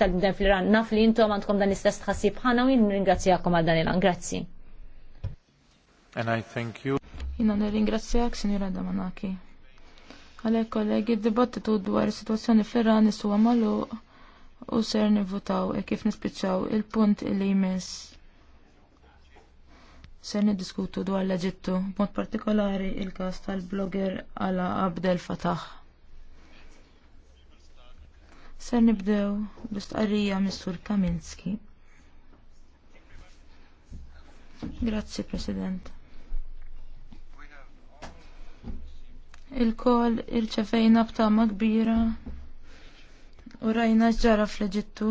tal-bden fil iran Naf li jintom għandkom dan istess tħassib ħana u jinn għal dan il-għan. Grazzi. And I thank you. Jina nirringrazzjak, Sinjura Damanaki. Għalek kollegi, dibattitu dwar situazzjoni fil iran isuwa għamalu u ser nivutaw e kif nispiċċaw il-punt li jmiss ser niddiskutu dwar l-Eġittu, b'mod partikolari il każ tal-blogger għala Abdel Fatah. Ser nibdew bistqarrija Mr. Kaminski. Grazzi, President. Il-kol irċefejna ċefejna b'tama kbira u rajna ġara fl-Eġittu.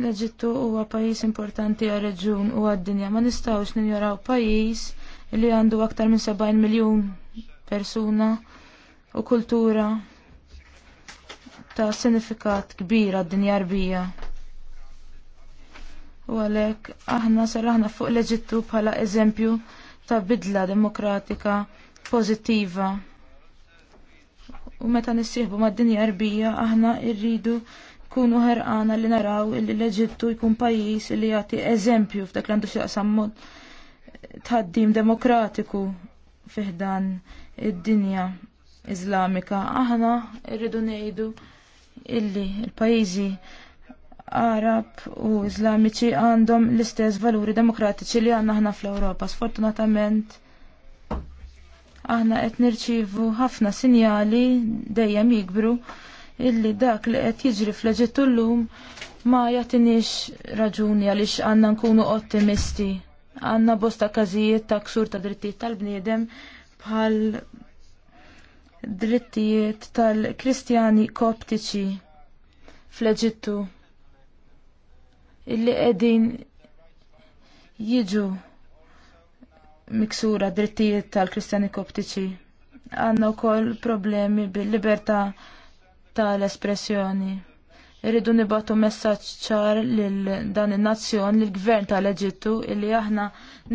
L-Eġittu huwa pajjiż importanti għar reġjun u għad-dinja. Ma nistgħux ninjoraw pajjiż li għandu aktar minn 70 miljun persuna u kultura ta' sinifikat kbir għad-dinja rbija. U għalek, aħna saraħna fuq l-Eġittu bħala eżempju ta' bidla demokratika pozittiva. U meta nissieħbu mad-dinja rbija, aħna irridu kunu ħerqana li naraw li l-Eġittu jkun pajis li jagħti eżempju f'dak li għandu x'jaqsam mod tħaddim demokratiku fiħdan id-dinja Iżlamika. Aħna rridu ngħidu illi l-pajjiżi Arab u Iżlamiċi għandhom l-istess valuri demokratiċi li għandna aħna fl-Ewropa. Sfortunatament aħna qed nirċievu ħafna sinjali dejjem jikbru illi dak li qed jiġri fl-Eġittu llum ma jagħtinix raġuni għaliex għandna nkunu ottimisti. Għandna bosta każijiet ta' ksur ta' drittijiet tal-bniedem bħal drittijiet tal-Kristjani Koptiċi fl-Eġittu illi qegħdin jiġu miksura drittijiet tal-Kristjani Koptiċi. Għandna wkoll problemi bil-libertà tal-espressjoni. Irridu nibatu messaġġ ċar lil dan in-nazzjon lil gvern tal-Eġittu illi aħna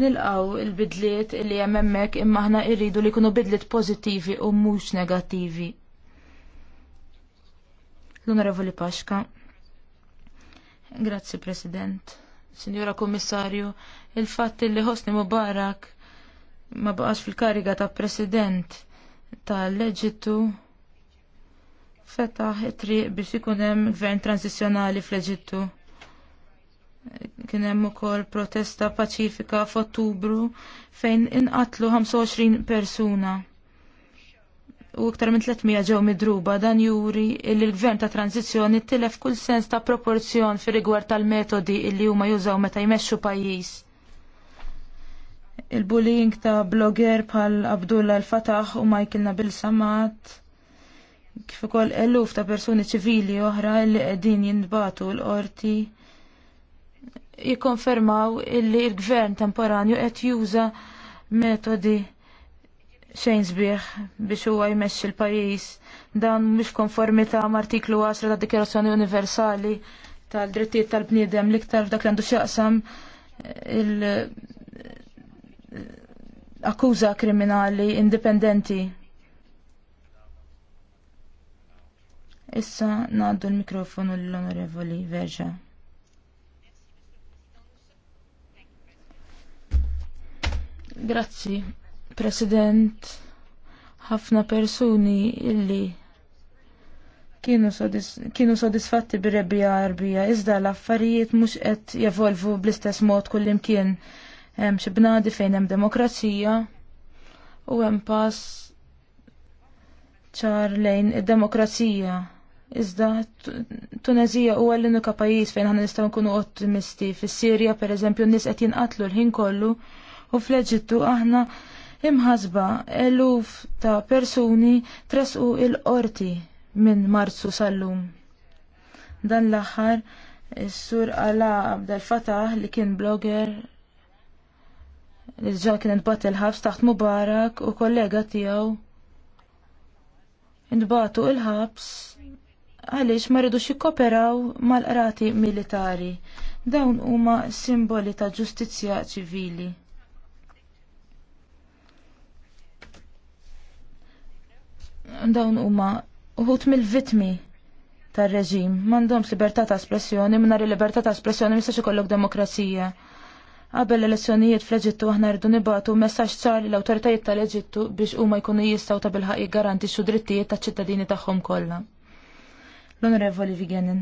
nilqaw il-bidliet illi jememmek hemmhekk imma aħna irridu li jkunu bidliet pożittivi u mhux negattivi. L-Onorevoli Paxka. Grazzi President. Signora Kommissarju, il-fatt li Hosni Mubarak ma baqax fil-kariga ta' President tal-Eġittu fetaħ it-triq biex ikun hemm gvern tranzizjonali fl-Eġittu. Kien hemm ukoll protesta paċifika f'Ottubru fejn inqatlu 25 persuna. U iktar minn 300 ġew midruba dan juri li l-gvern ta' tranzizjoni tilef kull sens ta' proporzjon fir rigward tal-metodi illi huma jużaw meta jmexxu pajjiż. Il-bullying ta' blogger bħal Abdullah al-Fatah u Michael Nabil samat kif ukoll eluf ta' persuni ċivili oħra li qegħdin jinbatu l-qorti jikkonfermaw illi l-gvern temporanju qed juża metodi xejn sbieħ biex huwa jmexxi l-pajjiż dan mhux konformità ma' artiklu 10 ta' Dikjarazzjoni Universali tal-Drittijiet tal-Bniedem l-iktar f'dak li għandu x'jaqsam eh, il akkuża kriminali indipendenti Issa ngħaddu l-mikrofonu l-Onorevoli Verġa. Grazzi, President. Ħafna persuni illi kienu, sodisfatti bir-rebbija arbija, iżda l-affarijiet mhux qed jevolvu bl-istess mod kullimkien hemm xi bnadi fejn hemm demokrazija u hemm pass ċar lejn id-demokrazija Iżda Tunezija huwa l-unika pajjiż fejn aħna nistgħu nkunu ottimisti. Fis-Sirja pereżempju eżempju, nis qed jinqatlu l-ħin kollu u fl-Eġittu aħna imħasba eluf ta' persuni tresqu il-qorti minn Marzu sal-lum. Dan l-aħħar Is-sur Ala Abdel Fatah li kien blogger li ġa kien nbat il-ħabs taħt Mubarak u kollega tiegħu nbatu il-ħabs għaliex ma rridux jikkoperaw mal-qrati militari. Dawn huma simboli ta' ġustizzja ċivili. Dawn huma uħut mill-vitmi tar-reġim, m'għandhomx libertà ta' espressjoni, nhar il-libertà ta' espressjoni mistax ikollok demokrazija. Qabel l-elezzjonijiet fl-Eġittu aħna rridu nibatu messaġġ ċar l awtoritajiet tal-Eġittu biex huma jkunu jistgħu ta' bil-ħaqq jiggarantixxu drittijiet taċ-ċittadini tagħhom kollha. L-Onorevoli Vigenin.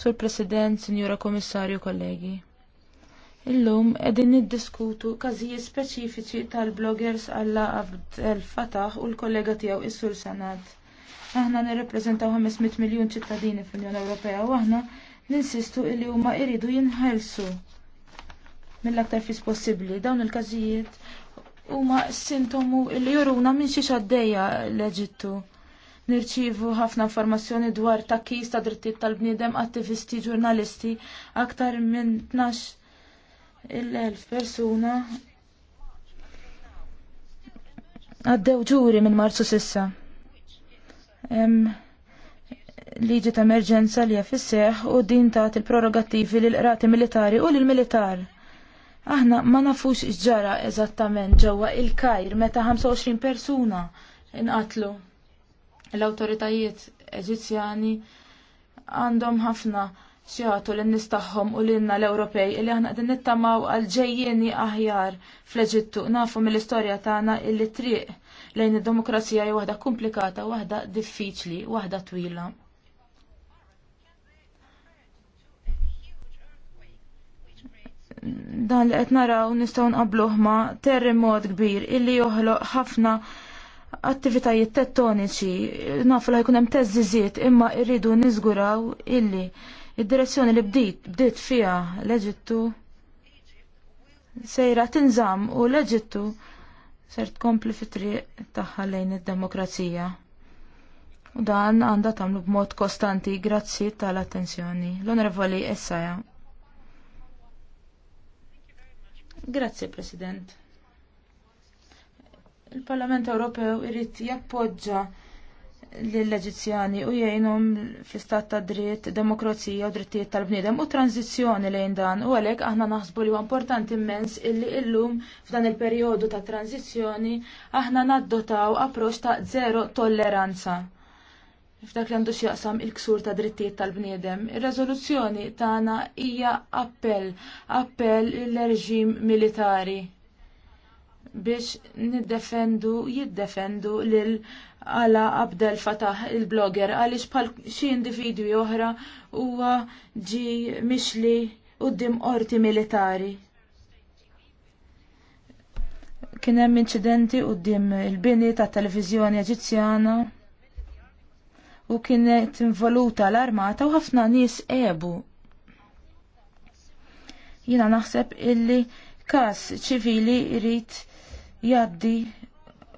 Sur President, Sinjura Komissarju, kollegi. Illum edin niddiskutu każijiet speċifiċi tal-bloggers Alla Abd El Fatah u l-kollega tiegħu is-Sur Sanat. Aħna nirrepreżentaw 500 miljun ċittadini fl-Unjoni Ewropea u aħna ninsistu li huma jridu jinħelsu mill-aktar fis possibbli dawn il-każijiet huma sintomu li juruna minn xi xaddejja l-Eġittu nirċivu ħafna informazzjoni dwar takkis ta' drittijiet tal-bniedem, attivisti, ġurnalisti, aktar minn 12.000 elf persuna għaddew ġuri minn marzu sissa. Em, liġi ta' emerġenza li fisseħ u din ta' il-prorogattivi l-qrati militari u l-militar. Aħna ma nafux ġara eżattament ġewwa il-kajr meta 25 persuna inqatlu. L-awtoritajiet Eġizzjani għandhom ħafna xjatu l-nis tagħhom u l-inna l-Ewropej li aħna qegħdin nittamaw għal ġejjieni aħjar fl-Eġittu. Nafu mill-istorja tagħna illi triq lejn id-demokrazija hija waħda komplikata, waħda diffiċli, waħda twila. dan li qed naraw nistgħu nqabluh ma' terremot kbir illi joħloq ħafna attivitajiet tettoniċi, nafu li jkun hemm teżżiżiet imma rridu niżguraw illi id-direzzjoni li bdiet bdiet fiha l-Eġittu sejra tinżamm u l-Eġittu ser tkompli fit-triq tagħha lejn id-demokrazija. U dan għandha tagħmlu b'mod kostanti grazzi tal-attenzjoni. L-Onorevoli Essaja. Grazie, President. Il-Parlament Ewropew irid jappoġġa lill-Eġizzjani u jgħinhom fl-istat ta' dritt, demokrazija u drittijiet tal-bniedem u tranzizjoni lejn dan u għalhekk aħna naħsbu li huwa importanti immens illi illum f'dan il-perjodu ta' tranzizjoni aħna naddotaw approċċ ta' zero tolleranza. F'dak li għandu x'jaqsam il-ksur ta' drittijiet tal-bniedem. Ir-reżoluzzjoni tagħna hija appell, appell il-reġim militari biex niddefendu, jiddefendu lil għala Abdel Fatah il-blogger għaliex bħal xi individwi oħra huwa ġi mixli quddiem qorti militari. Kien hemm inċidenti quddiem il-bini tat televiżjoni Eġizzjana u kienet involuta l-armata u ħafna nies ebu. Jiena naħseb illi każ ċivili jrid jaddi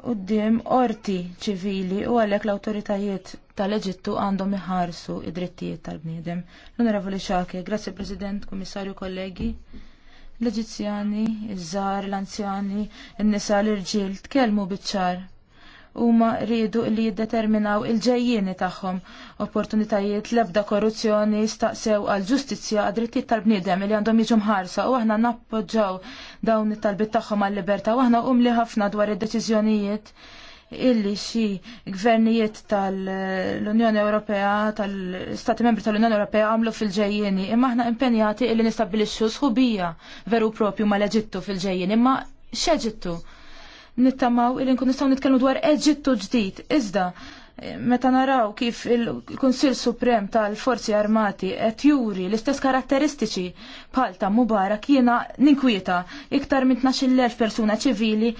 quddiem qorti ċivili u għalhekk l-awtoritajiet tal-Eġittu għandhom iħarsu id-drittijiet tal-bniedem. L-Onorevoli Xake, grazzi President, Kummissarju, kollegi. L-Eġizzjani, iż-żar, l-anzjani, n-nisa l-irġiel tkellmu biċ-ċar huma rridu li jiddeterminaw il-ġejjieni tagħhom opportunitajiet l-ebda korruzzjoni staqsew għal ġustizzja għad drittijiet tal-bniedem li għandhom jiġu mħarsa u aħna nappoġġaw dawn it-talbiet tagħhom għall libertà u aħna umli ħafna dwar id-deċiżjonijiet illi xi gvernijiet tal-Unjoni Ewropea tal-Stati Membri tal-Unjoni Ewropea għamlu fil-ġejjieni imma aħna impenjati illi nistabbilixxu sħubija veru propju mal-Eġittu fil-ġejjieni imma x'Eġittu? nittamaw il nkun nistgħu nitkellmu dwar Eġittu ġdid. Iżda, eh, meta naraw kif il-Kunsil Suprem tal-Forzi Armati qed juri l-istess karatteristiċi bħal ta' Mubarak jiena ninkwieta iktar minn 12,000 persuna ċivili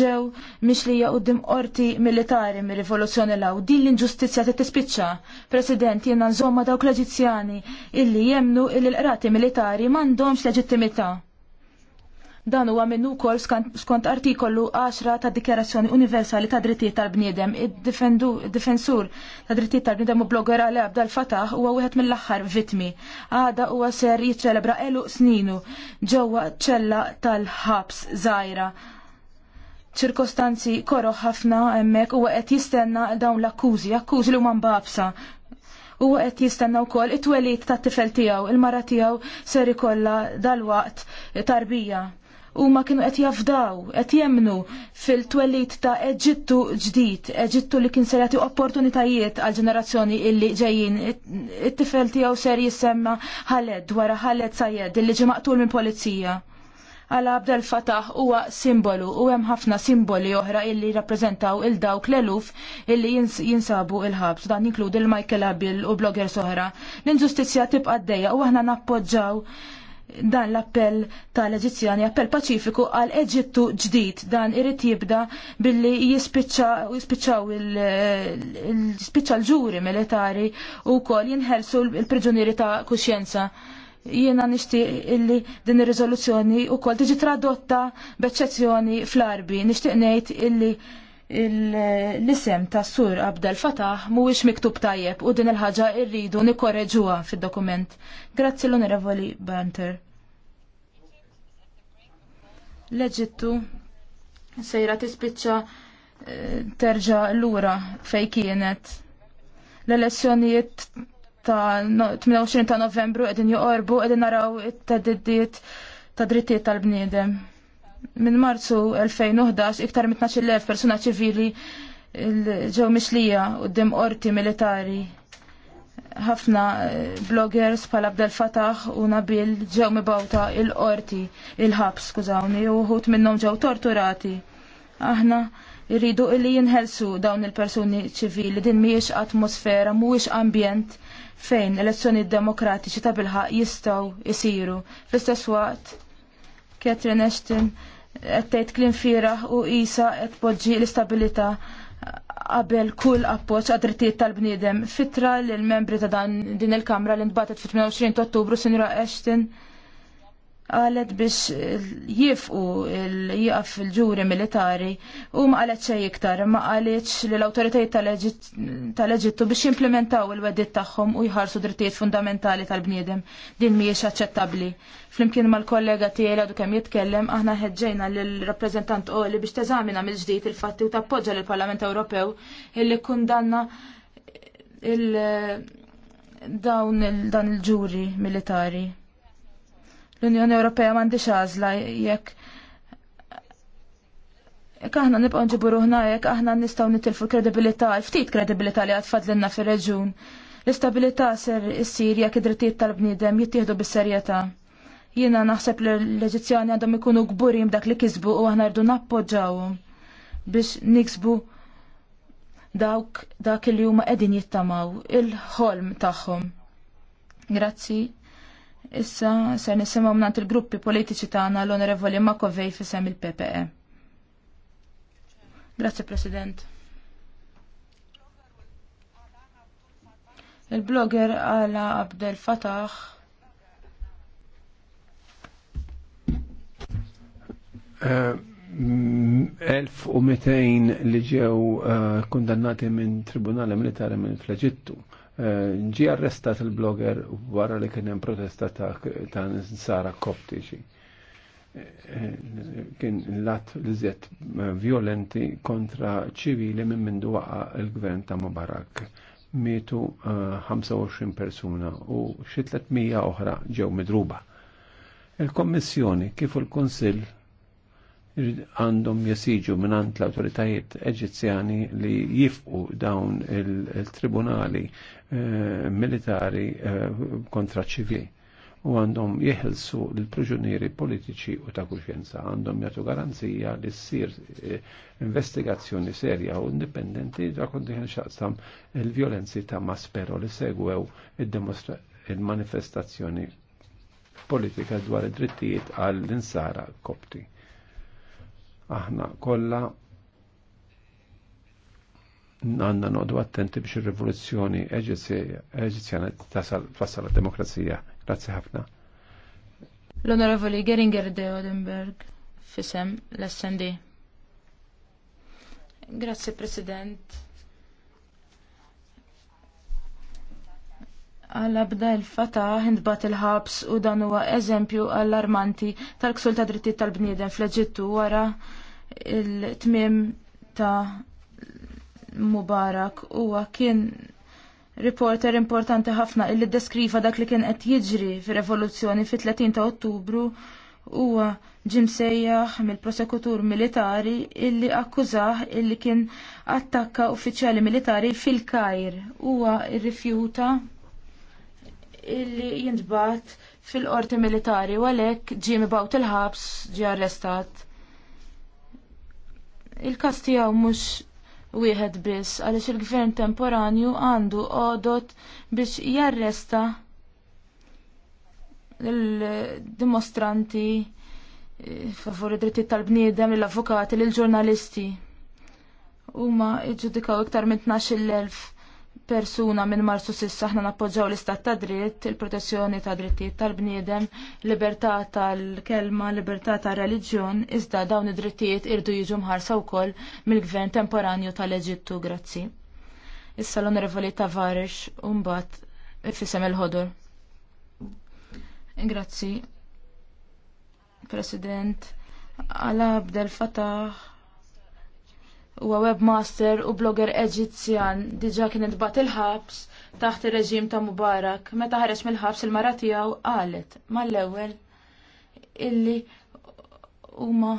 ġew mixlija qudiem qorti militari mir-rivoluzzjoni law din l-inġustizzja titispiċċa. President jiena nżomma dawk l-Eġizzjani illi jemnu il-qrati militari m'għandhomx leġittimità Dan huwa minnu wkoll skont artikollu 10 ta' Dikjarazzjoni Universali ta' Drittijiet tal-Bniedem. Id-difensur ta' Drittijiet tal-Bniedem u blogger għal Abda fatah huwa wieħed mill-aħħar vitmi. Għada huwa ser jiċċelebra elu sninu ġewwa ċella tal-ħabs żgħira. Ċirkostanzi koro ħafna hemmhekk huwa qed jistenna dawn l-akkużi, akkużi li huma mbabsa u qed jistenna wkoll it tweliet tat-tifel tiegħu, il-mara tiegħu ser dal dalwaqt tarbija huma kienu qed jafdaw, qed jemnu fil-twellit ta' Eġittu ġdid, Eġittu li kien ser jagħti opportunitajiet għal ġenerazzjoni illi ġejjin. It-tifel tiegħu ser jissemma Ħaled wara Ħaled Sajed illi ġie maqtul minn pulizija. Għala Abdel Fatah huwa simbolu u hemm ħafna simboli oħra illi rappreżentaw il dawk l-eluf illi jinsabu il-ħabs dan jinkludi il-Michael Abil u bloggers oħra. L-inġustizzja tibqa' d u aħna nappoġġaw dan l-appell tal-Eġizzjani, appell paċifiku għal Eġittu ġdid. Dan irrit jibda billi jispiċċaw il-spiċċa l-ġuri militari u kol jinħelsu l-priġunieri ta' kuxjenza. Jiena nixtieq illi din ir-riżoluzzjoni u kol tiġi tradotta b'eċċezzjoni fl-arbi. Nixtieq ngħid illi l-isem ta' sur Abdel Fatah mhuwiex miktub tajjeb u din il-ħaġa rridu nikkoreġuha fid-dokument. Grazzi l-Onorevoli Banter. L-Eġittu sejra tispiċċa eh, terġa lura fej kienet. L-elezzjonijiet ta' 28 ta' novembru qegħdin joqorbu qegħdin naraw it teddiddiet ta' drittijiet tal-bniedem minn Marzu 2011 iktar minn 12.000 persuna ċivili ġew mixlija qudiem qorti militari. Ħafna eh, bloggers bħal Abdel Fatah u Nabil ġew mibawta il-qorti, il-ħabs, skużawni, u uħut minnhom ġew torturati. Aħna irridu illi jinħelsu dawn il-persuni ċivili din mhijiex atmosfera, mhuwiex ambjent fejn elezzjoni demokratiċi ta' bilħaq jistgħu jsiru. Fl-istess waqt Catherine Ashton qed tgħid kliem fieraħ u qisha qed poġġi l-istabilità qabel kull appoġġ għad drittijiet tal-bniedem. Fitra lill membri ta' dan din il-Kamra li ntbatet fit-28 Ottubru Sinjura Ashton qalet biex jifqu jieqaf il-ġuri militari u ma qalet xej iktar, ma qalitx li l autoritajt tal-Eġittu biex jimplementaw il-wedit tagħhom u jħarsu drittijiet fundamentali tal-bniedem din mhijiex aċċettabbli. Flimkien mal-kollega tiegħi għadu kemm jitkellem aħna ħeġġejna lill-rappreżentant Oli biex teżamina mill-ġdid il-fatti u tappoġġa lill-Parlament Ewropew illi kundanna il dawn il-ġuri militari L-Unjoni Ewropea m'għandix għażla jekk jekk aħna nibqgħu nġibu ruħna jekk aħna nistgħu nitilfu kredibilità, ftit kredibilità li għad fadlilna fir-reġun. L-istabilità ser issir jekk id-drittijiet tal-bniedem jittieħdu bis-serjetà. Jiena naħseb li l-Eġizzjani għandhom ikunu gburim dak li kisbu u aħna rdu nappoġġawhom biex niksbu dawk dak li huma qegħdin jittamaw il-ħolm tagħhom. Grazzi. Issa ser nisimgħu mnant il-gruppi politiċi tagħna l-Onorevoli Makovej fisem il-PPE. Grazie President. Il-blogger għala Abdel Fatah uh, 1200 li ġew uh, kondannati minn tribunali militari minn fl-Eġittu Eh, ġi arrestat il-blogger wara li kien hemm protesta ta' Sara Koptiċi. Eh, kien lat li zjed eh, violenti kontra ċivili minn mindu waqa il-gvern ta' Mubarak. Mietu 25 persuna u xi 300 oħra ġew midruba. Il-Kommissjoni kif il-Konsill għandhom jesiġu għand l-autoritajiet eġizzjani li jifqu dawn il-tribunali Eh, militari eh, kontra ċivili u għandhom jihelsu l-proġunieri politiċi u ta' kuxjenza, għandhom jagħtu garanzija li ssir eh, investigazzjoni serja u indipendenti ta' konti xaqsam il-violenzi ta' maspero li segwew il-manifestazzjoni politika dwar id-drittijiet għall-insara kopti. Aħna kollha għanna nodu attenti biex il-rivoluzzjoni eġizjana tasal fassal demokrazija Grazzi ħafna. L-Onorevoli Geringer de Odenberg, fisem l-SND. Grazie President. Għal-abda il-fata hindbat il-ħabs u dan huwa eżempju allarmanti tal-ksul dritti drittijiet tal-bniedem fl-Eġittu wara il-tmim ta' Mubarak huwa kien reporter importanti ħafna illi deskriva dak li kien qed jiġri fir-revoluzzjoni fit-30 ta' Ottubru huwa ġim sejjaħ mill-prosekutur militari illi akkużah illi kien attakka uffiċjali militari fil-Kajr. Huwa rrifjuta illi jintbat fil-qorti militari u għalhekk ġie mibgħut il-ħabs ġie arrestat. Il-każ tiegħu mhux wieħed biss għaliex il-gvern temporanju għandu għodot biex jarresta l-dimostranti eh, favur id-drittijiet tal-bniedem, l-avukati, l-ġurnalisti. Huma ġġudikaw iktar minn 12,000 persuna minn marsu sissa ħna nappoġġaw l-istat ta' dritt, il-protezzjoni ta' drittijiet tal-bniedem, libertà tal-kelma, libertà ta' reliġjon, iżda dawn id-drittijiet irdu jiġu mħarsa wkoll mill-gvern temporanju tal-Eġittu, grazzi. Issa l-onorevoli Tavares u mbagħad ifisem il-ħodur. Grazzi. President, Alabdel bdel fataħ huwa webmaster u blogger Eġizzjan diġà kien intbagħat il-ħabs taħt ir-reġim ta' Mubarak. Meta ħareġ mill-ħabs il-mara tiegħu qalet mal-ewwel illi huma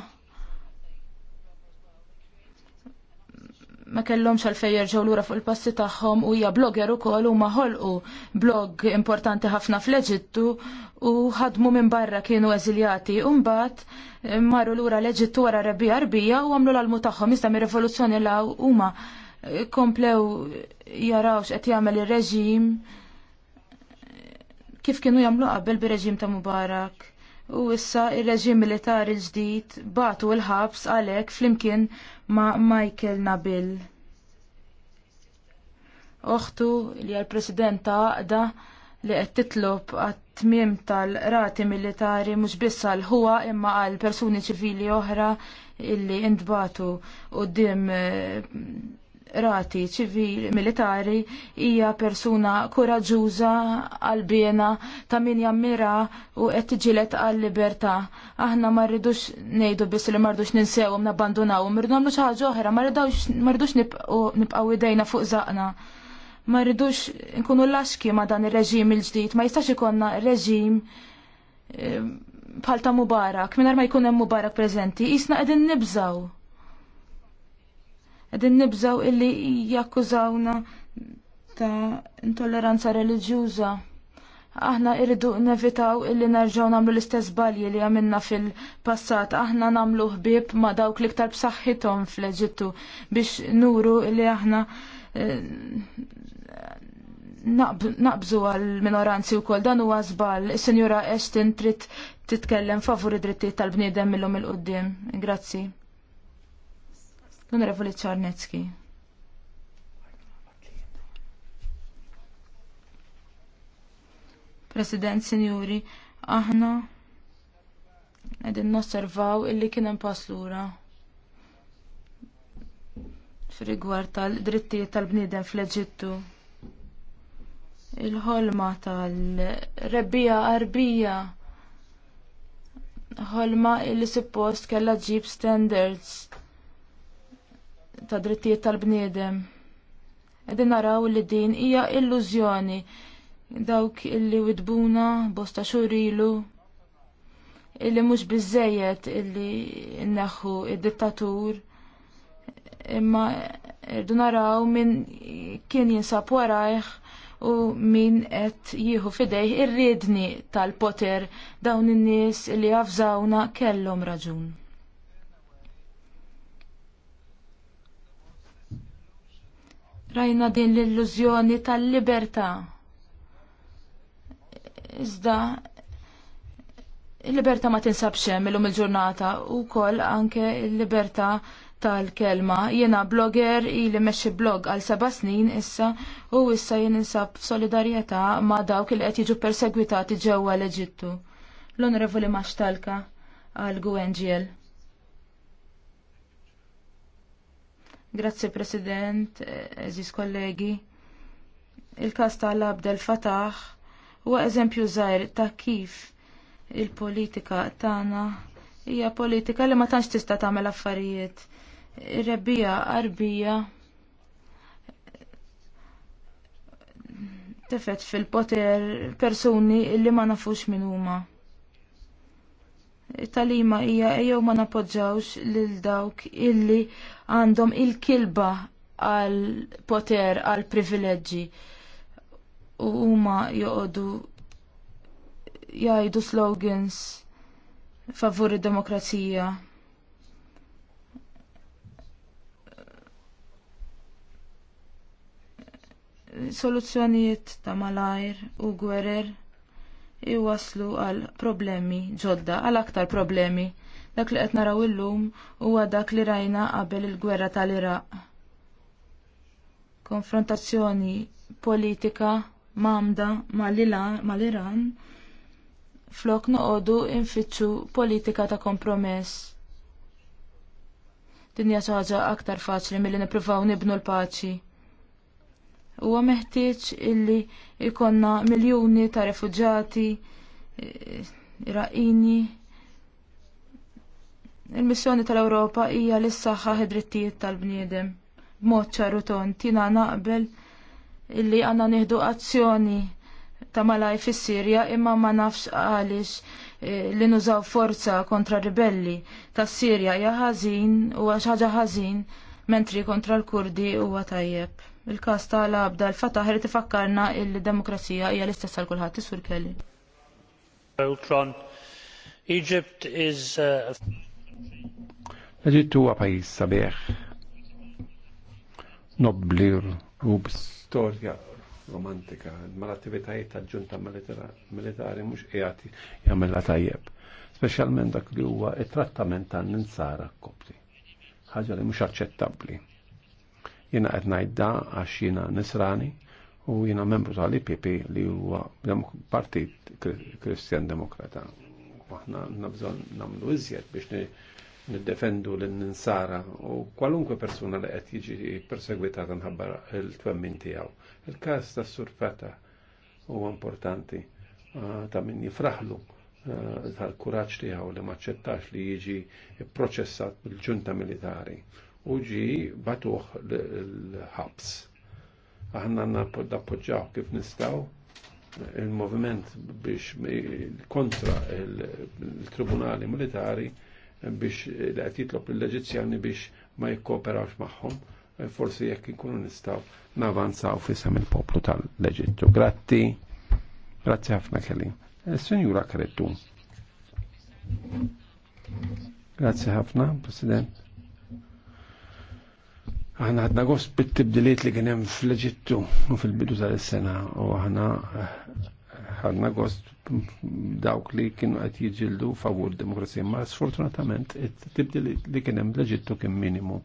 ma kellhomx għalfejn fejjer lura fuq il-passi tagħhom u hija blogger ukoll u maħolqu blog importanti ħafna fl-Eġittu u ħadmu minn barra kienu eżiljati u mbagħad eh, marru lura l-Eġittu wara rebbija arbija u għamlu l-almu tagħhom iżda mir-rivoluzzjoni law huma eh, komplew jarawx qed jagħmel ir-reġim eh, kif kienu jagħmlu qabel bir-reġim ta' Mubarak. U issa ir reġim militari l-ġdid batu l-ħabs għalhekk flimkien ma' Michael Nabil. Oħtu li għal-president ta' għaqda li qed titlob għat-tmiem tal-rati militari mhux biss għal huwa imma għal persuni ċivili oħra illi intbatu quddiem eh, rati ċivili militari hija persuna koraġuża għalbiena ta' min jammira u qed tiġilet għall-libertà. Aħna ma rridux ngħidu biss li mardux ninsewhom nabbandunaw. irridu nagħmlu xi ħaġa oħra, ma rridux nibqgħu idejna fuq żaqna. Ma rridux nkunu laxki ma dan ir-reġim il-ġdid, ma jistax ikonna reġim eh, bħal ta' Mubarak, minn ma jkun hemm Mubarak preżenti, jisna qegħdin nibżaw. Għedin nibżaw illi jakkużawna ta' intolleranza reliġjuża. Aħna irridu nevitaw illi nerġaw nagħmlu l-istess balji li għamilna fil-passat. Aħna nagħmlu ħbieb ma' dawk ktar b'saħħithom fl-Eġittu biex nuru illi aħna eh, naqbżu għal-minoranzi u koll dan huwa żball. is Eshtin trid titkellem favur id-drittijiet tal-bniedem millum il-qudiem. Grazzi l-Onorevoli Czarnecki. President, Signuri, aħna għedin nosservaw illi kien hemm pass lura f'rigward tal-drittijiet tal-bniedem fl-Eġittu. Il-ħolma tal-rebbija qarbija ħolma illi suppost kellha ġib standards ta' drittijiet tal-bniedem. Edin naraw li din hija illużjoni dawk illi widbuna bosta xurilu illi mhux biżejjed illi nneħħu id-dittatur imma irdu naraw min kien jinsab warajħ u min qed jieħu fidejh ir-riedni tal-poter dawn in-nies li għafżawna kellhom raġun. Rajna din l-illużjoni tal-libertà. Iżda il-libertà ma tinsabx hemm illum il-ġurnata u koll anke il-libertà tal-kelma. Jiena blogger ili meċi blog għal seba snin issa u issa jien insab solidarjetà ma dawk il qed jiġu perseguitati ġewwa l-Eġittu. L-Onorevoli Maċtalka għal GUNGL. Grazzi President, eżis kollegi. Il-kas tal-Abdel Fatah huwa eżempju żgħir ta' kif il-politika tagħna hija politika li ma tantx tista' tagħmel affarijiet. Ir-rebbija qarbija tefet fil-poter persuni li ma nafux min huma talima hija jew ma napoġġawx lil dawk illi għandhom il-kilba għal poter għal privileġġi u huma joqogħdu jgħidu slogans favur id-demokrazija. Soluzzjonijiet ta' malajr u gwerer Iwasslu għal problemi ġodda, għal aktar problemi. Dak li qed naraw illum huwa dak li rajna qabel il-gwerra tal-Iraq. Konfrontazzjoni politika mamda mal-Iran flok noqogħdu infittxu politika ta' kompromess. Dinja saġa ħaġa aktar faċli milli nippruvaw nibnu l-paċi huwa meħtieġ illi ikonna miljuni ta' refuġati e, Iraqini. Il-missjoni tal-Ewropa hija l saħħa id-drittijiet tal-bniedem. B'mod ton, tina naqbel illi għandna nieħdu azzjoni ta' malaj fis-Sirja imma ma nafx għaliex e, li nużaw forza kontra ribelli tas Sirja hija ħażin u għax ħaġa ħażin mentri kontra l-Kurdi huwa tajjeb il-każ tal-abda l-fataħ irid tifakkarna l demokrazija hija l-istess għal kulħadd isur kelli. Egypt is uh, Eġittu huwa pajjiż sabiħ. Nobli u storja romantika, mal-attivitajiet ta' ġunta militari mhux qiegħed jagħmilha tajjeb. Speċjalment dak li huwa it-trattament tan-ninsara kopti. Ħaġa li mhux aċċettabbli jina qed ngħid da għax jiena nisrani u jiena membru tal-IPP li huwa partit Kristjan Demokrata. Aħna għandna bżonn nagħmlu iżjed biex niddefendu l-ninsara u kwalunkwe persuna li qed jiġi persegwitata nħabbar il-twemmin tiegħu. Il-każ tas-surfata huwa importanti ah, ta' min jifraħlu ah, tal kuraġġ tiegħu li maċċettax li jiġi proċessat bil-ġunta militari u ġi batuħ l-ħabs. Aħna nappoġġaw kif nistaw il-moviment biex kontra il-tribunali militari biex l qed jitlob l leġizjani biex ma jikkooperawx magħhom forsi jekk ikunu nistgħu navanzaw fissam il-poplu tal-Eġittu. Grazzi, grazzi ħafna kelli. Eh, Senjura Krettu. Grazzi ħafna, President. Aħna għadna għos bit-tibdiliet li għenem fl-Eġittu u fil-bidu tal-sena u aħna ħadna gost dawk li kienu qed jiġildu favur demokrazija, ma sfortunatament tibdil li kien hemm leġittu kien minimu.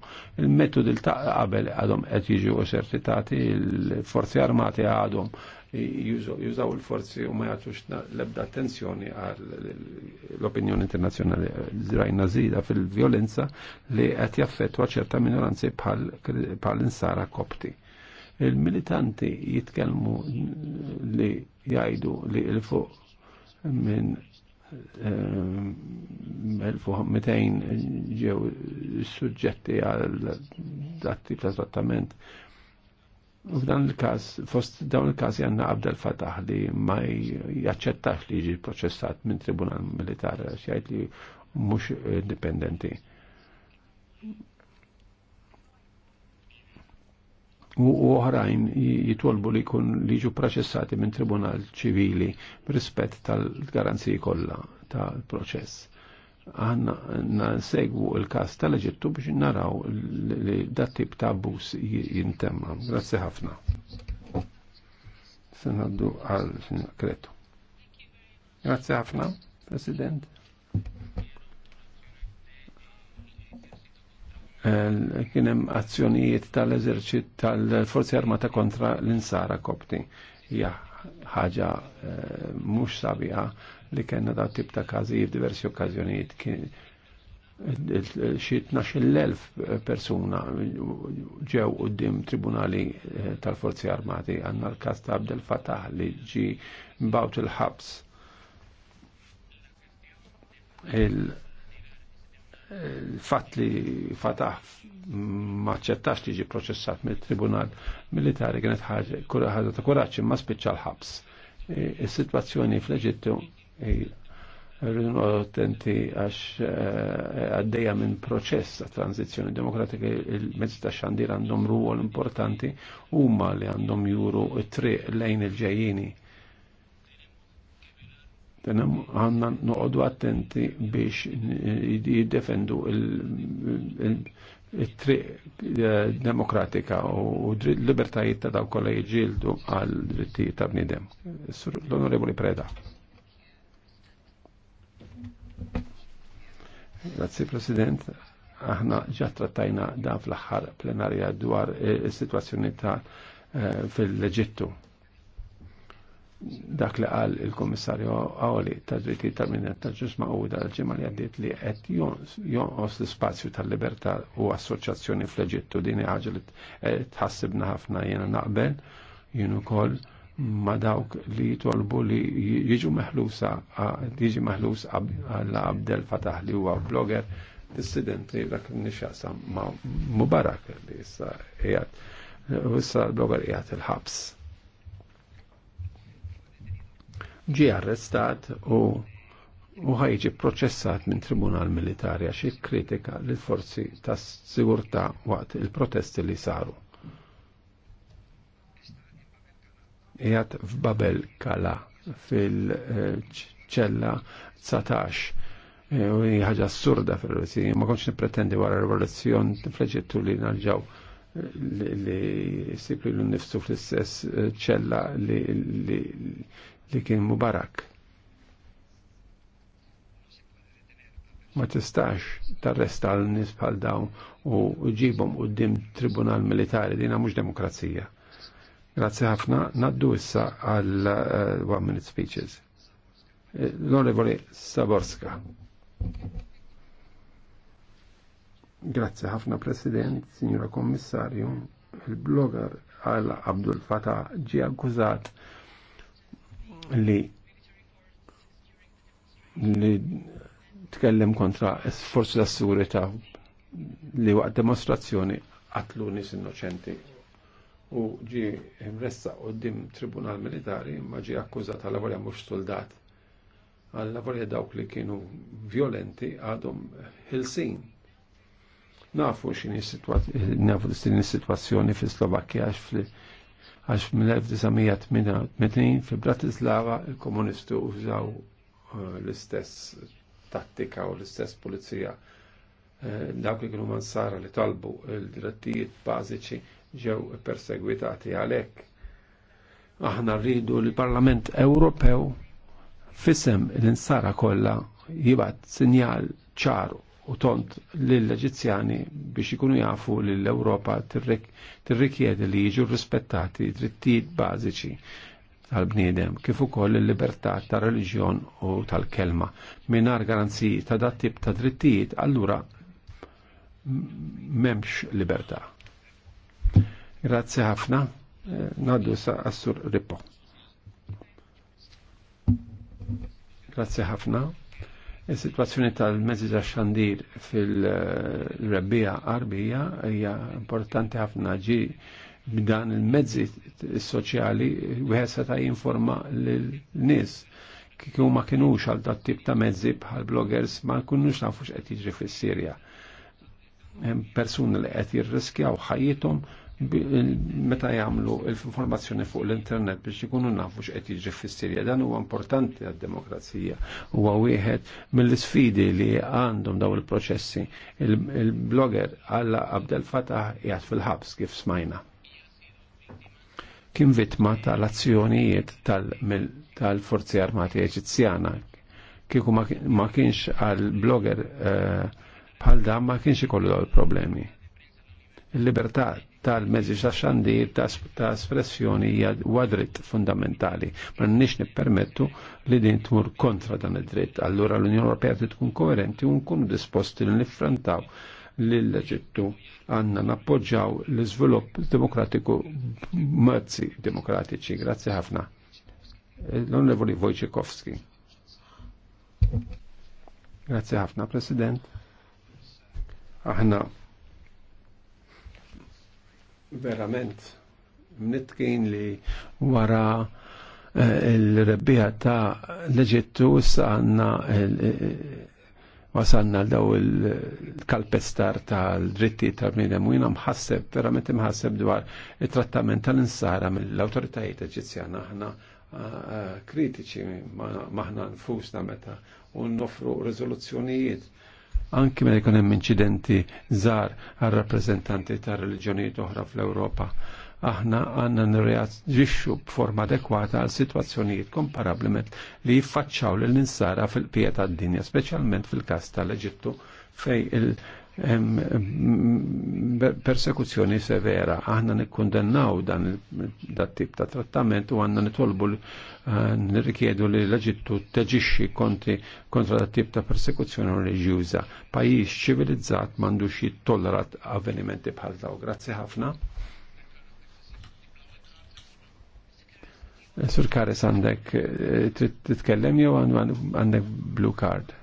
Il-metodi l ta' qabel għadhom qed jiġu eserċitati, il-forzi armati għadhom jużaw il-forzi u ma jagħtux l-ebda attenzjoni għal l-opinjoni internazzjonali zrajna żida fil-violenza li qed jaffettwa ċerta minoranzi bħal insara kopti. Il-militanti jitkellmu li jajdu li il-fuq minn 1200 eh, ġew suġġetti għal datti ta' trattament. U f'dan il-kas, fost dawn il-kas janna Abdel Fatah li ma jaċċettax li jiġi proċessat minn tribunal Militar xajt li mux indipendenti. u oħrajn jitolbu li kun liġu proċessati minn tribunal ċivili b'rispett tal-garanziji kollha tal-proċess. Għanna nsegwu il-kas tal-Eġittu biex naraw li dat tip ta' abbuż jintemma. Grazzi ħafna. Senaddu għal kretu. Grazzi ħafna, President. Eh, kienem azzjonijiet tal-eżerċit tal-Forzi Armata kontra l-insara kopti. Ja, ħaġa eh, mux sabiħa li kellna da tip ta' kazi diversi okkazjonijiet kien xi 12,000 persuna ġew u qudiem tribunali eh, tal-Forzi Armati għanna l-każ ta' Abdel Fatah li ġi mbawt il-ħabs il fatt li fataħ maċċettax li ġi proċessat mill-Tribunal Militari kienet ħaġa ħaġa ta' kuraċi ma spiċċa l-ħabs. Is-sitwazzjoni fl-Eġittu rridu attenti għax eh, għaddejja minn proċess ta' tranzizjoni demokratika il-mezz ta' xandir għandhom ruol importanti huma li għandhom juru t triq lejn il-ġejjini tenem għanna noqodu attenti biex jiddefendu il-triq eh, demokratika u libertajiet ta' daw kolla jġildu għal dritti ta' bnidem. L-Onorevoli Preda. Grazie President aħna ġa trattajna dan fl-aħħar plenarja dwar eh, is-sitwazzjoni ta' eh, fil-Eġittu dak li qal il-Kummissarju Għawli ta' dritti ta' minnet ta' ġus ma'uda l-ġimma li għaddit li qed jonqos l-spazju tal-libertà u assoċjazzjoni fl-Eġittu din ħaġa li tħassibna ħafna jiena naqbel jien ukoll ma dawk li jitolbu li jiġu meħlusa jiġi meħlus għal Abdel Fatah li huwa blogger dissidenti dak nixaqsam ma' Mubarak li issa qiegħed issa l-blogger qiegħed il-ħabs ġie arrestat u u ħajġi proċessat minn tribunal militari għax kritika l forzi ta' sigurtà waqt il-protesti li saru. Ijat f'Babel Kala fil-ċella 19 e, u ħaġa assurda fil-resi, ma konċ nipretendi wara rivoluzzjon fl-Eġittu li narġaw e, li sikri l-nifsu fl-istess e, ċella li li kien Mubarak. Ma tistax tarresta l-nis bħal dawn u ġibhom dim tribunal militari dina mhux demokrazija. Grazzi ħafna, naddu issa għal uh, one minute speeches. Eh, L-onorevole Saborska. Grazzi ħafna President, Signora Kommissarju, il-blogger għal Abdul Fatah ġi akkużat li li tkellem kontra forzi tas-sigurità li waqt demonstrazzjoni qatlu nis innoċenti u ġi imressa qoddim tribunal militari ma ġi akkużat għal lavorja mhux soldat għal lavorja dawk li kienu violenti għadhom ħilsin. Nafu x'inhi nafu l-istini situazzjoni fil slovakkija għax għax mill-1988 fi Bratislava il-komunistu użaw eh, l-istess tattika u l-istess pulizija. Eh, dawk li kienu mansara li talbu il-drittijiet bażiċi ġew perseguitati għalhekk. Aħna rridu li parlament Ewropew fisem l-insara kollha jibgħat sinjal ċaru u tont lill-Eġizzjani biex ikunu jafu li l-Ewropa tirrikjedi li jiġu rispettati drittijiet bażiċi tal-bniedem, kif ukoll il-libertà tar reliġjon u tal-kelma. Minar garanziji ta' dat tip ta' drittijiet, allura memx libertà. Grazzi ħafna, eh, naddu sa' assur Rippo. Grazzi ħafna. Is-sitwazzjoni tal-mezzi ta' xandir fil-rebbija qarbija hija importanti ħafna ġi b'dan il-mezzi soċjali wieħed seta' jinforma lil-nies kieku ma kinux għal dat tip ta' mezzi bħal bloggers ma kunux nafu qed jiġri fis-Sirja. Persuni li qed jirriskjaw ħajjithom meta jagħmlu l-informazzjoni fuq l-internet biex ikunu nafu x'qed jiġri fis-Sirja. Dan huwa importanti għad-demokrazija. Huwa wieħed mill-isfidi li għandhom daw il-proċessi. Il-blogger Alla Abdel Fatah jgħat fil-ħabs kif smajna. Kien vittma tal-azzjonijiet tal-Forzi Armati Eġizzjana kieku ma kienx għal blogger eh, bħal dan ma kienx ikollu daw il-problemi. Il-libertà tal-mezzi ta' xandir ta' espressjoni hija wadrit fundamentali. Ma nix nippermettu li din tmur kontra dan id-dritt. Allura l-Unjoni Ewropea trid tkun koerenti u nkunu disposti li nifrantaw l-Eġittu għanna nappoġġaw l-izvilupp demokratiku mezzi demokratiċi. Grazzi ħafna. L-Onorevoli Wojciechowski. Grazzi ħafna, President. Aħna verament mnitkin li wara eh, il-rebbija ta' l-Eġittu għanna wasanna daw il-kalpestar tal-dritti ta' bnidem u jina mħasseb, verament mħasseb dwar il-trattament tal-insara mill-autoritajiet eġizjana ħna eh, kritiċi maħna nfusna meta u nofru rezoluzzjonijiet anki meta jkun hemm inċidenti żgħar għal rappreżentanti ta' reliġjonijiet oħra fl-Ewropa. Aħna għandna nirreaġixxu b'forma adekwata għal sitwazzjonijiet komparabbli li jiffaċċaw lil ninsara fil pieta tad-dinja, speċjalment fil-każ tal-Eġittu fej il- persekuzzjoni severa. Aħna nikkundennaw dan dat-tip ta' trattament u għanna nitolbu eh, nirrikjedu li l-Eġittu teġixxi konti kontra dat-tip ta' persekuzzjoni reliġjuża. Pajjiż ċivilizzat m'għandux jittollerat avvenimenti bħal daw. Grazzi ħafna. Eh, Sur Karis għandek eh, titkellem jew għandek blue card?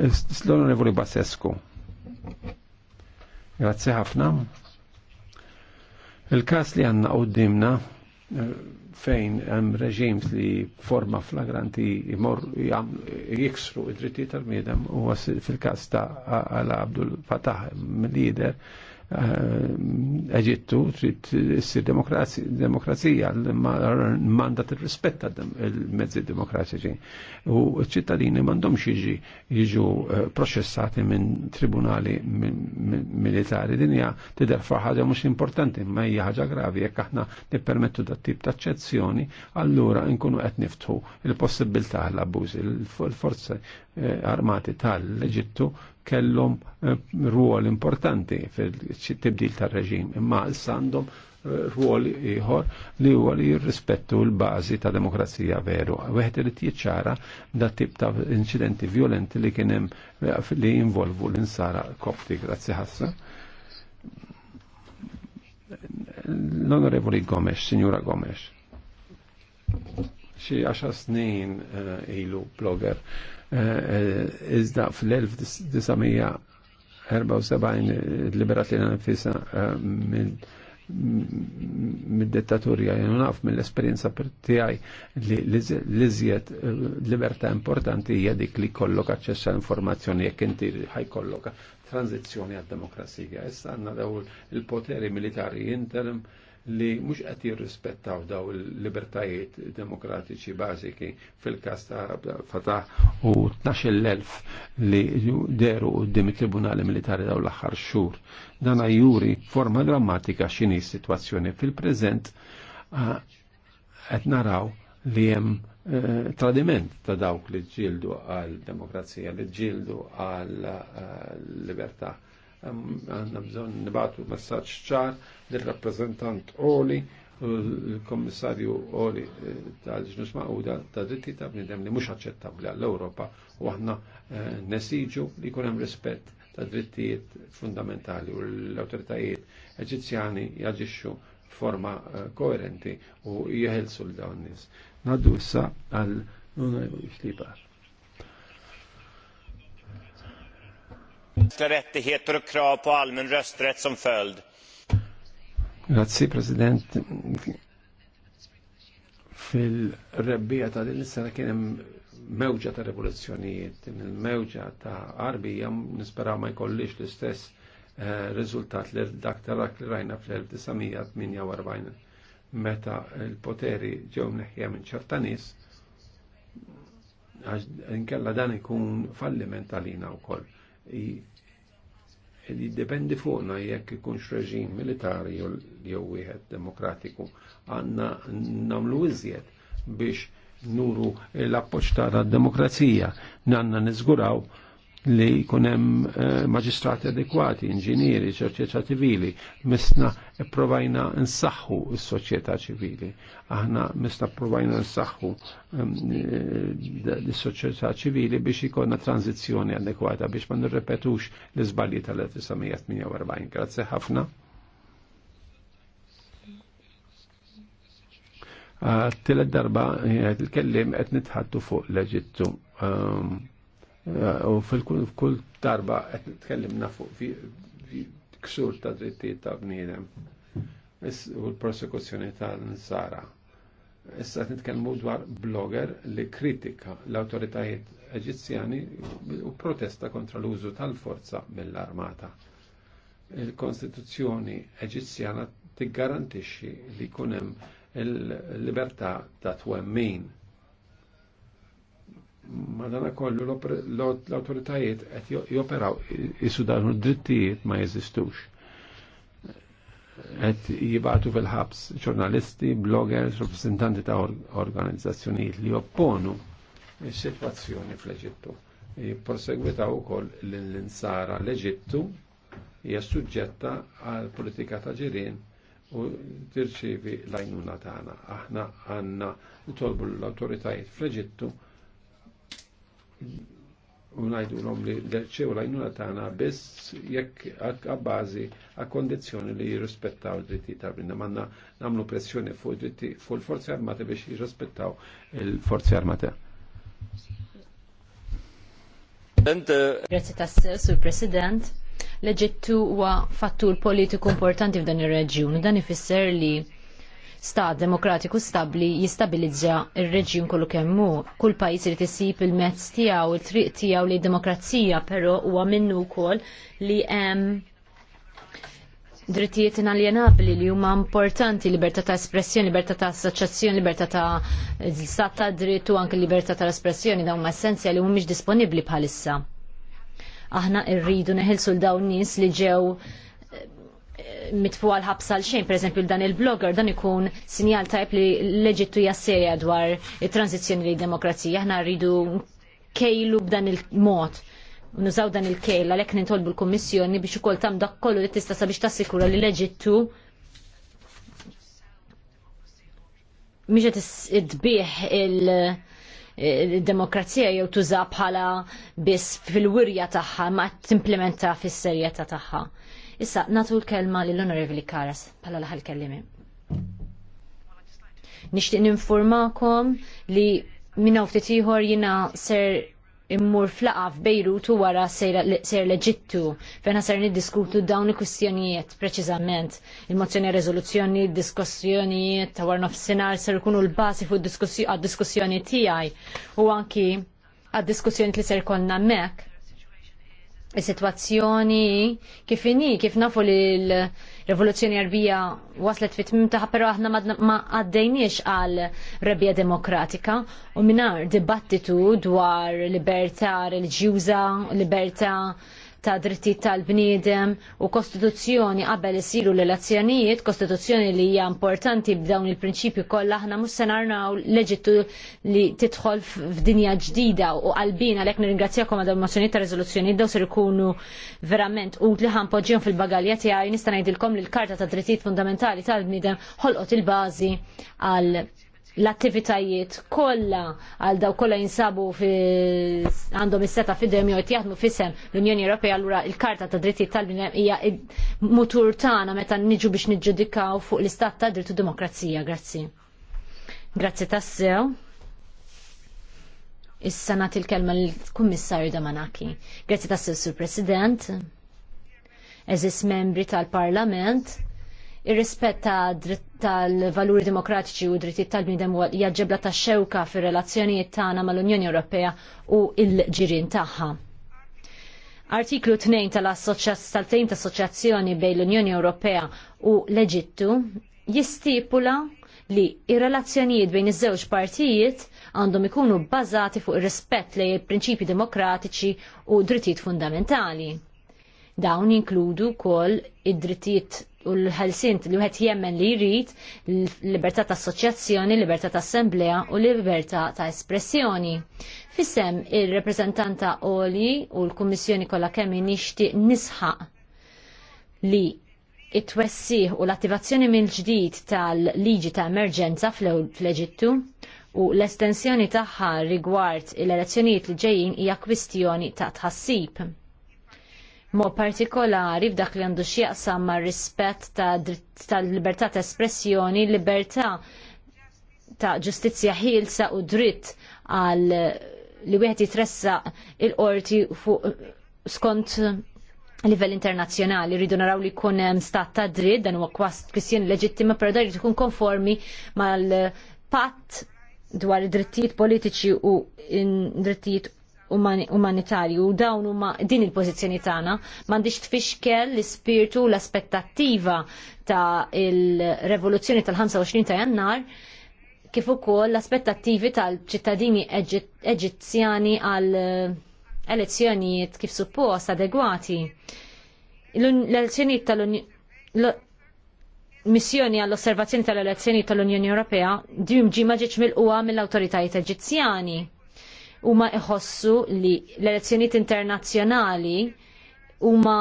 L-Onorevoli Basescu. Grazie ħafna. Il-kas li għanna u dimna eh, fejn hemm reġims li forma flagranti jmor jiksru id-dritti tal-miedem u fil-kas ta' għala Abdul Fatah mill-lider Eh, Eġittu trid issir demokrazija manda tirrispetta il-mezzi demokratiċi. U ċ-ċittadini m'għandhomx jiġi jiġu eh, proċessati minn tribunali militari. Din hija tidher ħaġa mhux importanti, ma hija ħaġa gravi jekk aħna nippermettu dat tip ta' ċezzjoni, allura nkunu qed niftħu il-possibilità l-abbuż il-forzi eh, armati tal-Eġittu kellhom eh, ruol importanti fil-tibdil tar-reġim, imma issa għandhom eh, ruol ieħor li huwa li jirrispettu l-bażi ta' demokrazija veru. Weħed irid jiċċara da tip ta' inċidenti violenti li kien hemm eh, li jinvolvu l-insara kopti. Grazzi ħassa. L-Onorevoli Gomes, Signora Gomes, xi għaxa snin ilu blogger Eh, eh, iżda fl-1974 eh, liberat li nfisa minn mid-dittaturja, jenu naf mill-esperienza tijaj li l-iżjed libertà importanti hija dik li kollok aċċess informazzjoni jek inti ħajkollok tranzizzjoni għad demokrasija Issa għanna daw il-poteri militari interim li mhux qed jirrispettaw daw il-libertajiet demokratiċi bażiki fil-każ ta' Fatah u 12,000 li deru qudiem it-Tribunali Militari daw l-aħħar xhur. Dan juri forma drammatika x'inhi s-sitwazzjoni fil-preżent qed naraw li hemm e, tradiment ta' dawk li ġildu għal demokrazija, li ġildu għal e, libertà għanna bżon nibatu messaċ ċar l-rappresentant Oli, l-kommissarju Oli eh, tal-ġnus maquda ta' dritti ta' bnidem li mux aċċettabli għall-Europa u għanna eh, nesiġu li kunem rispett ta' drittijiet fundamentali u l-autoritajiet eġizjani jaġixxu forma eh, koerenti u jieħelsu l-dawn Naddu issa għal l-onorevoli rättigheter och krav på allmän rösträtt som följd. Grazie, President. Fil-rebbija ta' din is-sena kien hemm mewġa ta' rivoluzzjonijiet, il-mewġa ta' qarbija nisperaw ma jkollix l-istess eh, riżultat li dak tarak li rajna fl-1948 meta l-poteri ġew neħja minn ċerta nies għax inkella dan ikun falliment għalina wkoll li jiddependi fuqna jekk ikunx reġim militari jew wieħed demokratiku għandna nagħmlu iżjed biex nuru l-appoċ ta' demokrazija nanna niżguraw li jkunem eh, maġistrati adekwati, inġinieri, soċjetà ċivili, misna provajna nsaħħu s-soċjetà ċivili. Aħna misna provajna nsaħħu s ehm, eh, soċjetà ċivili biex ikonna tranzizjoni adekwata biex ma nirrepetux l-iżbalji tal-1948. Grazzi ħafna. Ah, Tilet darba eh, il-kellim qed nitħattu fuq l-Eġittu. Ehm, Eh, u fil-kull darba qed tkellimna fuq fi ksur ta' drittijiet ta' bniedem u l-prosekuzzjoni n-Zara. Issa nitkellmu dwar blogger li kritika l-autoritajiet eġizzjani u protesta kontra l-użu tal-forza mill-armata. Il-Kostituzzjoni eġizzjana tiggarantixxi li kunem il-libertà ta' twemmin madana kollu l-autoritajiet qed joperaw is-Sudan drittijiet ma jeżistux. Qed jibatu fil-ħabs ġurnalisti, bloggers, rappresentanti ta' organizzazzjonijiet li opponu is-sitwazzjoni fl-Eġittu. Jipprosegwitaw ukoll l-insara l-Eġittu hija suġġetta għal politika ta' ġirien u tirċivi l-għajnuna tagħna. Aħna għandna nitolbu l-awtoritajiet fl-Eġittu unajdu l-om li derċe u lajnuna tana biss jekk għabbazi għak kondizjoni li jirrispettaw dritti ta' binna. manna namlu pressjoni fuq dritti fuq l-forzi armate biex jirrispettaw il-forzi armate. Grazie tassew, Sur President. L-Eġittu huwa fattur politiku importanti f'dan ir-reġjun. Dan ifisser li stat demokratiku stabbli jistabilizza ir-reġjun kollu kemm hu. Kull pajjiż irid isib il-mezz tiegħu, it-triq tiegħu li demokrazija, però huwa minnu wkoll li hemm drittijiet inaljenabbli li huma importanti, libertà ta' espressjoni, libertà ta' assoċjazzjoni, libertà ta' stat ta' dritt u anke libertà ta' espressjoni dawn huma essenzjali u mhumiex disponibbli bħalissa. Aħna rridu neħilsu l dawn nies li ġew mitfu għal ħabsa l xejn pereżempju dan il-blogger, dan ikun sinjal tajb li l-Eġittu jasserja dwar it transizjoni li demokrazija. Aħna rridu kejlu b'dan il-mod. Nużaw dan il-kejl għalhekk nintolbu l-Kummissjoni biex ukoll tam dak kollu li tista' sabiex tassikura li l-Eġittu miex qed idbieħ il- demokrazija jew tuża bħala biss fil-wirja tagħha ma timplementa fis-serjetà tagħha. Issa, natu l-kelma l-Onorevoli Karas, pala laħal kellimi. Nishtiq ninformakom li minna ftit ieħor jina ser immur flaqa f'Bejrut u wara ser leġittu fejn ser niddiskutu dawn il-kwistjonijiet preċiżament. Il-mozzjoni rezoluzzjoni, diskussjonijiet ta' war nofsinhar ser ikunu l-bażi fuq għad-diskussjoni tiegħi u anki għad-diskussjoni li ser konna mekk Is-sitwazzjoni kif inni, kif nafu li l-Revoluzzjoni Arbija waslet fit taħ, però aħna ma għaddejniex għal rebija demokratika u minar dibattitu dwar libertà reliġjuża, libertà ta' dritti tal-bniedem u kostituzzjoni qabel isiru l-elezzjonijiet, kostituzzjoni li hija importanti b'dawn il-prinċipju kollha aħna mhux se narnaw leġittu li tidħol f'dinja ġdida u qalbin għalhekk nirringrazzjakom għal mozzjonijiet ta' riżoluzzjoni dew ser ikunu verament utli ħanpoġġihom fil-bagalja tiegħi nista' ngħidilkom li l-Karta ta' Drittijiet Fundamentali tal-Bniedem ħolqot il-bażi għal l-attivitajiet kollha għal daw kolla jinsabu għandhom is-seta fidejhom jew qed jaħdmu fisem l-Unjoni Ewropea allura il-Karta ta' Drittijiet tal-Bnedem hija mutur tagħna meta niġu biex niġġudikaw fuq l-istat ta' dritt u demokrazija. Grazzi. Grazzi tassew. Issa nagħti l-kelma l-Kummissarju Damanaki. Grazzi tassew, Sur President. Eżis membri tal-Parlament ir tad-dritt tal-valuri demokratiċi u drittijiet tal bnidem hija ġebla ta' xewka fir-relazzjonijiet tagħna mal-Unjoni Ewropea u l-ġirien tagħha. Artiklu 2 tal-tejn ta' assoċjazzjoni bejn l-Unjoni Ewropea u l-Eġittu jistipula li ir-relazzjonijiet bejn iż-żewġ partijiet għandhom ikunu bbażati fuq ir-rispett lejn il-prinċipji demokratiċi u drittijiet fundamentali. Dawn jinkludu wkoll id-drittijiet u l-ħelsint li wieħed jemmen li jrid l-libertà ta' assoċjazzjoni, libertà ta' assemblea u libertà ta' espressjoni. Fissem il-reprezentanta Oli u l-Kummissjoni kollha kemm nixtieq nisħaq li it-twessih u l-attivazzjoni minn ġdid tal-liġi ta' emerġenza fl-Eġittu u l-estensjoni tagħha rigward l-elezzjonijiet li ġejjin hija kwistjoni ta' tħassib mo partikolari f'dak li għandu x'jaqsam ma' rispett ta' dritt tal-libertà ta' espressjoni, libertà ta' ġustizzja ħielsa u dritt għal li wieħed jitressaq il-qorti fuq skont livell internazzjonali rridu naraw li jkun hemm stat ta' dritt dan huwa kwast kwistjoni leġittima però dar ikun konformi mal-patt dwar id-drittijiet politiċi u drittijiet umanitarju dawn huma din il-pożizzjoni tagħna m'għandix tfixkel l-ispirtu l-aspettattiva ta' il-revoluzzjoni tal-25 ta' Jannar kif ukoll l-aspettattivi tal-ċittadini Eġizzjani għal eh, elezzjonijiet kif suppost adegwati. L-elezzjonijiet tal missjoni għall-osservazzjoni tal-elezzjoni tal-Unjoni Ewropea dim ġimma maġiċ mill-qwa mill-autoritajiet Eġizzjani huma iħossu li l-elezzjonijiet internazzjonali huma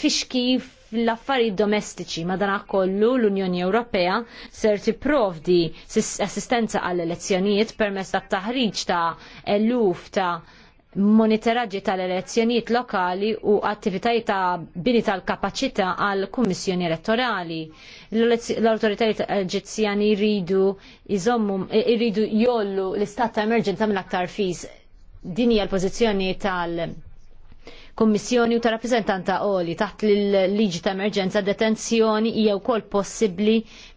tfixki fl-affarijiet domestiċi kollu l-Unjoni Ewropea ser tipprovdi assistenza għall elezzjonijiet permezz tat taħriġ ta' eluf ta' monitoraġġi tal-elezzjonijiet lokali u attivitajiet ta' bini tal-kapaċità għal kummissjoni elettorali. L-autoritajiet eġizzjani jridu jżommu eh, jridu jollu l-istat ta' emerġenza mill-aktar fis. Din hija l-pożizzjoni tal- kummissjoni u ta' rappreżentanta oli taħt l-liġi ta' emerġenza detenzjoni hija wkoll possibbli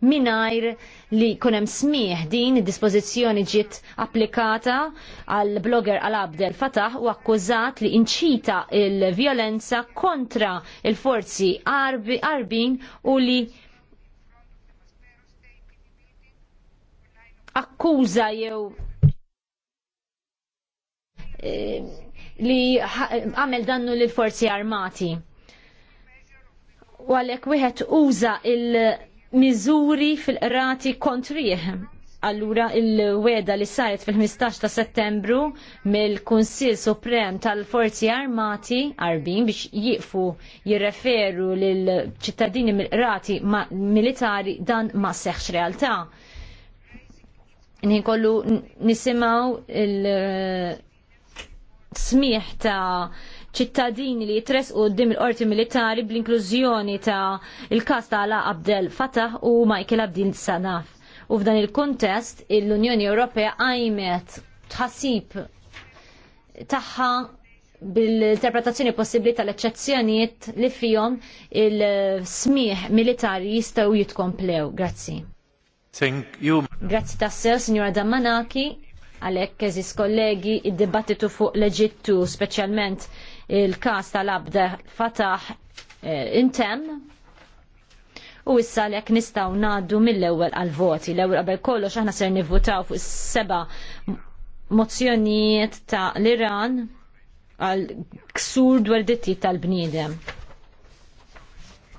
mingħajr li kunem hemm smieħ din id-dispożizzjoni ġiet applikata għal blogger għal Abdel Fatah u akkużat li inċita il-vjolenza kontra il-forzi arbin u li akkuża jew eh, li għamel dannu l forzi armati. U għalhekk wieħed uża il-miżuri fil rati kontrih. Allura il-weda li saret fil-15 ta' settembru mill-Kunsil Suprem tal-Forzi Armati Arbin biex jiqfu jirreferu l ċittadini mill rati militari dan ma seħx realtà. Nħin kollu nisimaw il- smieħ ta' ċittadini li d-dim il-qorti militari bl-inklużjoni ta' il-kas ta' Ala Abdel Fatah u Michael Abdin Sanaf. U f'dan il-kontest l-Unjoni Ewropea għajmet tħassib tagħha bil-interpretazzjoni possibbli tal-eċċezzjonijiet li fihom il-smieħ militari jistgħu jitkomplew. Grazzi. Thank you. Grazzi tassew, signora Dammanaki. Għalhekk keżis kollegi id-dibattitu fuq l-Eġittu, speċjalment il-każ tal-abda Fatah eh, intemm u issa lek nistaw naddu mill-ewwel għal-voti. L-ewwel qabel kollox aħna ser nivvutaw fuq seba mozzjonijiet ta' l-Iran għal ksur dwar ditti tal-bniedem.